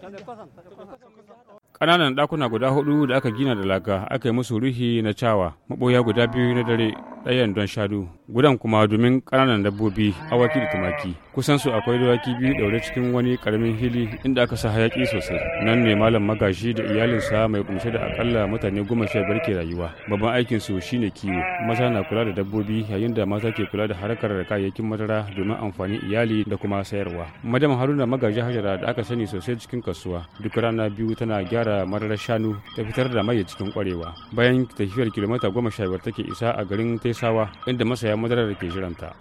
上，咱们不上。ƙananan ɗakuna guda hudu da aka gina da laka aka yi musu ruhi na cawa maɓoya guda biyu na dare ɗayan don shadu gudan kuma domin ƙananan dabbobi awaki da tumaki kusan su akwai dawaki biyu daure cikin wani ƙaramin hili inda aka sa hayaƙi sosai nan ne malam magashi da iyalinsa mai kumshe da akalla mutane goma sha biyar ke rayuwa babban aikinsu shine kiwo maza na kula da dabbobi yayin da mata ke kula da harkar kayayyakin madara domin amfanin iyali da kuma sayarwa madam haruna magaji hajara da aka sani sosai cikin kasuwa duk rana biyu tana gyara tara madarar shanu ta fitar da mai cikin kwarewa bayan tafiyar kilomita goma sha biyar take isa a garin taisawa inda masaya madarar ke jiranta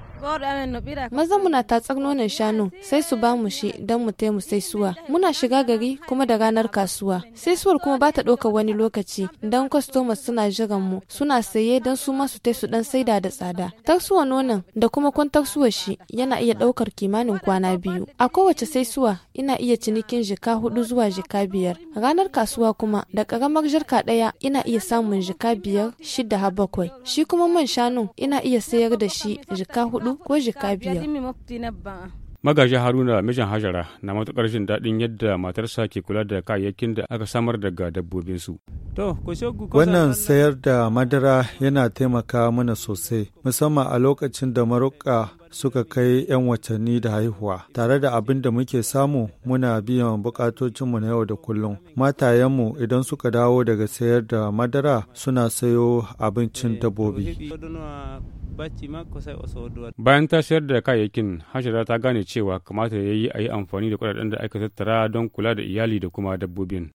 maza muna tatsar nonon shanu sai su ba mu shi don mu taimu sai suwa muna shiga gari kuma da ranar kasuwa sai suwar kuma ba ta ɗaukar wani lokaci don kwastomas suna jiran mu suna saye don su masu taisu dan saida da tsada taksuwa nonon da kuma kun taksuwa shi yana iya ɗaukar kimanin kwana biyu a kowace saisuwa ina iya cinikin jika hudu zuwa jika biyar ranar kasuwa kuma da karamar jarka ɗaya ina iya samun jika biyar shida har bakwai. Shi kuma man shanu ina iya sayar da shi jika hudu ko jika biyar. Magaji Haruna mijin Hajara na matukar jin daɗin yadda matarsa ke kula da kayayyakin da aka samar daga dabbobinsu. Wannan sayar da madara yana taimaka mana sosai, musamman a lokacin da maruka suka kai 'yan watanni da haihuwa. Tare da abin da muke samu muna biyan bukatocinmu na yau da kullum. Matayenmu idan suka dawo daga sayar da madara suna sayo abincin dabbobi. Bayan ta sayar da kayayyakin, Hashira ta gane cewa kamata ya yi a yi amfani da kudaden da aka tattara don kula da iyali da kuma dabbobin.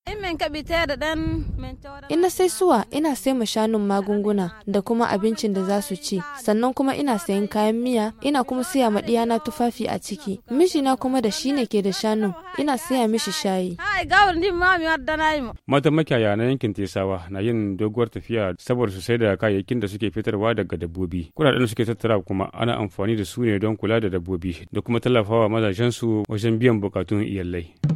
ina sai suwa ina sai ma shanun magunguna da kuma abincin da za su ci sannan kuma ina sayan kayan miya ina kuma siya ma na tufafi a ciki mijina kuma da shi ne ke da shanun ina siya mishi shayi Mata makiyaya na yankin tesawa na yin doguwar tafiya saboda su sai da kayayyakin da suke fitarwa daga dabbobi kuɗaɗen suke tattara kuma ana amfani da su ne don kula da dabbobi da kuma tallafawa mazajensu wajen biyan bukatun iyalai.